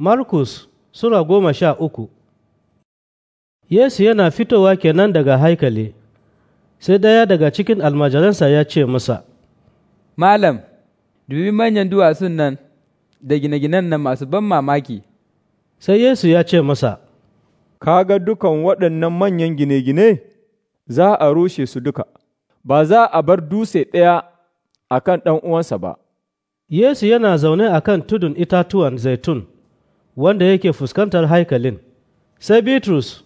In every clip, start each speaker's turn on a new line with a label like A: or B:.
A: Markus Sura goma sha uku Yesu yana fitowa kenan daga haikali, sai ɗaya daga cikin almajiransa ya ce masa, Malam, dubi manyan duwatsun nan da gine-ginen nan masu ban mamaki. Sai Yesu ya ce masa, Ka ga dukan waɗannan manyan gine-gine za a rushe su duka, ba za a bar dutse ɗaya a kan uwansa ba. Yesu yana zaune a kan tudun itatuwan zaitun. wanda yake fuskantar haikalin sai bitrus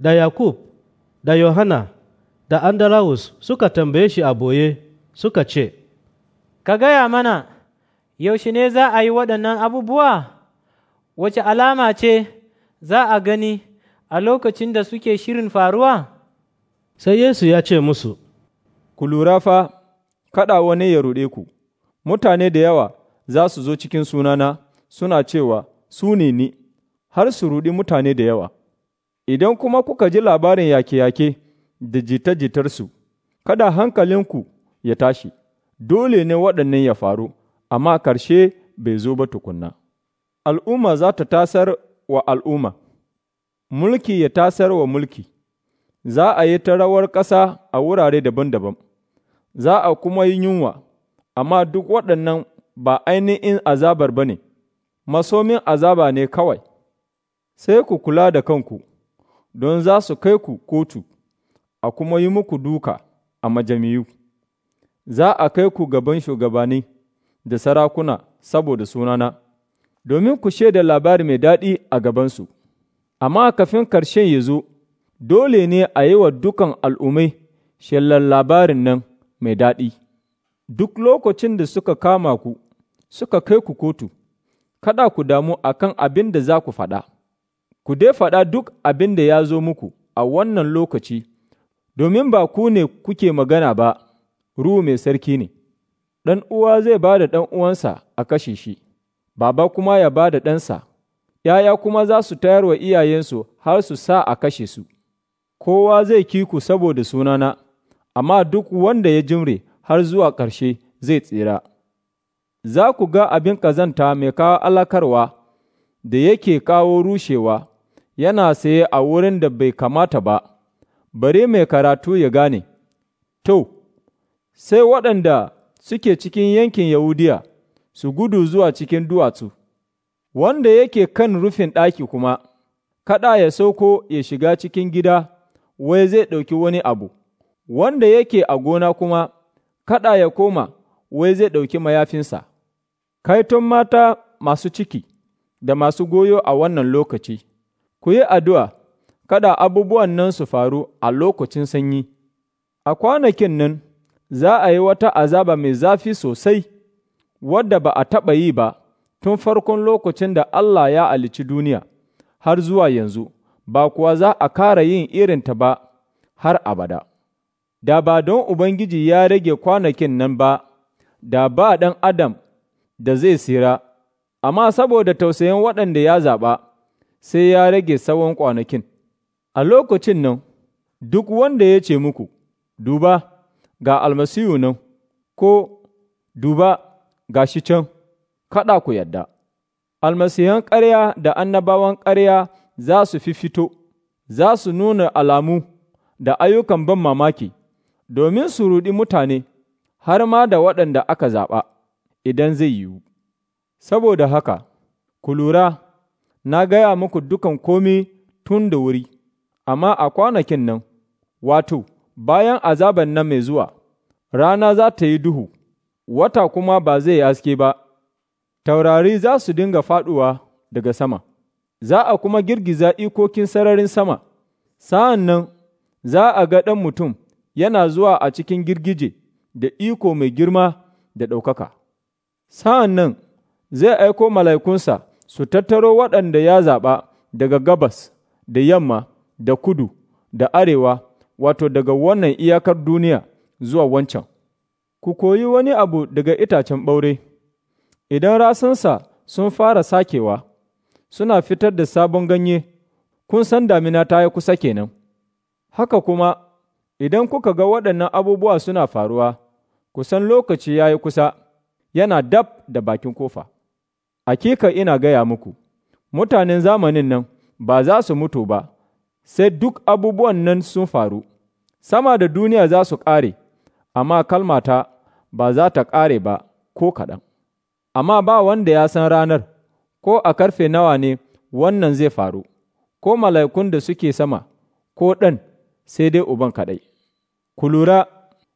A: da yakub da yohana da andarawus suka tambaye shi a boye suka ce ka gaya mana yaushe ne za a yi waɗannan abubuwa wace alama ce za a gani a lokacin da suke shirin faruwa sai yesu ya ce musu ku lura fa kaɗawane wani ya ruɗe ku mutane da yawa za su zo cikin sunana suna cewa su ne ni, har su ruɗi mutane da yawa. Idan kuma kuka ji labarin yake-yake da jita-jitarsu, kada hankalinku ya tashi, dole ne waɗannan ya faru, amma ƙarshe bai zo ba tukunna. Al'umma za ta tasar wa al'umma, mulki ya tasar wa mulki, za a yi ta rawar ƙasa a wurare daban-daban, za a kuma yi yunwa, amma duk waɗannan ba ainihin azabar ba ne. masomin azaba ne kawai, sai ku kula da kanku, don za su kai ku kotu, a kuma yi muku duka a majami'u. Za a kai ku gaban shugabanni da sarakuna saboda sunana, domin ku shaida labari mai daɗi a gabansu. Amma kafin ƙarshen ya zo, dole ne a yi wa dukan al'ummai shellar labarin nan mai daɗi. Duk lokacin da suka kama ku, suka kai ku kotu, kada ku damu a kan abin da za ku faɗa, ku dai faɗa duk abin da ya zo muku a wannan lokaci, domin ba ku ne kuke magana ba, ruhu mai sarki ne, ɗan uwa zai ba da ɗan uwansa a kashe shi, baba kuma ya ba da ɗansa, ’ya'ya kuma za su tayar wa iyayensu har su sa a kashe su, kowa zai kiku saboda sunana, amma duk wanda ya jimre har zuwa ƙarshe zai tsira. za ku ga abin ƙazanta mai kawo alakarwa da yake kawo rushewa yana saye a wurin da bai kamata ba, bare mai karatu ya gane. To, sai waɗanda suke cikin yankin Yahudiya su gudu zuwa cikin duwatsu, wanda yake kan rufin ɗaki kuma, kaɗa ya sauko ya shiga cikin gida, wai zai ɗauki wani abu, wanda yake a gona kuma, kaɗa ya koma. wai zai ɗauki mayafinsa. kai Kaiton mata masu ciki da masu goyo a wannan lokaci, ku yi addu'a kada abubuwan nan su faru a lokacin sanyi. A kwanakin nan za a yi wata azaba mai zafi sosai, wadda ba a taɓa yi ba tun farkon lokacin da Allah ya alici duniya har zuwa yanzu, ba kuwa za a kara yin irin ta ba har abada. Da ba don Ubangiji ya rage kwanakin nan ba. da ba ɗan adam da zai tsira amma saboda tausayin waɗanda ya zaɓa, sai ya rage tsawon kwanakin. A lokacin nan, duk wanda ya ce muku, Duba, ga almasihu nan, ko duba ga shi can, kaɗa ku yadda. Almasihan ƙarya da annabawan ƙarya za su fi fito, za su nuna alamu da ayyukan ban mamaki, domin su ruɗi mutane. har ma da waɗanda aka zaɓa, idan zai yiwu. Saboda haka, ku lura, na gaya muku dukan komi tun da wuri, amma a kwanakin nan, wato, bayan azaban nan mai zuwa, rana za ta yi duhu, wata kuma ba zai aske ba, taurari za su dinga faɗuwa daga sama, za a kuma girgiza ikokin sararin sama, sa'an nan za a ga ɗan mutum yana zuwa a cikin girgije. da iko mai girma da ɗaukaka. Sa'an nan zai aiko mala'ikunsa su tattaro waɗanda ya zaɓa daga gabas da yamma da kudu da arewa, wato daga wannan iyakar duniya zuwa wancan. Ku koyi wani abu daga itacen ɓaure, idan rasansa sun fara sakewa, suna fitar da sabon ganye, kun san damina ta yi kusa kenan. Haka kuma, idan kuka ga waɗannan abubuwa suna faruwa, kusan lokaci ya yi kusa, yana dab da bakin kofa. Hakika ina gaya muku, mutanen zamanin nan ba za su mutu ba, sai duk abubuwan nan sun faru, sama da duniya za su ƙare, amma kalmata ba za ta ƙare ba ko kaɗan. Amma ba wanda ya san ranar, ko a karfe nawa ne wannan zai faru, ko mala'ikun da suke sama, ko ɗan sai dai uban kaɗai. Ku lura,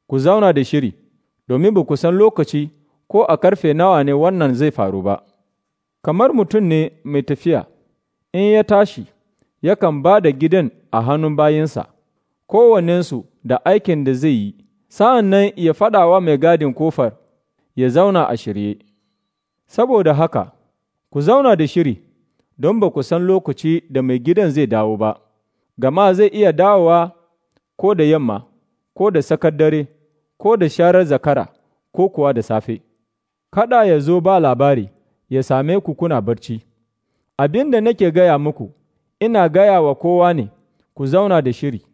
A: ku zauna da shiri. domin ba ku san lokaci ko a karfe nawa ne wannan zai faru ba, kamar mutum ne mai tafiya, in ya tashi, yakan ba da gidan a hannun bayinsa, kowannensu da aikin da zai yi, sa'an nan ya faɗawa mai gadin kofar ya zauna a shirye. Saboda haka, ku zauna da shiri, don ba ku san lokaci da mai gidan zai dawo ba, gama zai iya dawowa ko da yamma, ko da sakar dare. ko da sharar zakara ko kuwa da safe, kada ya zo ba labari ya same ku kuna barci. Abin da nake gaya muku, ina gaya wa kowa ne, ku zauna da shiri.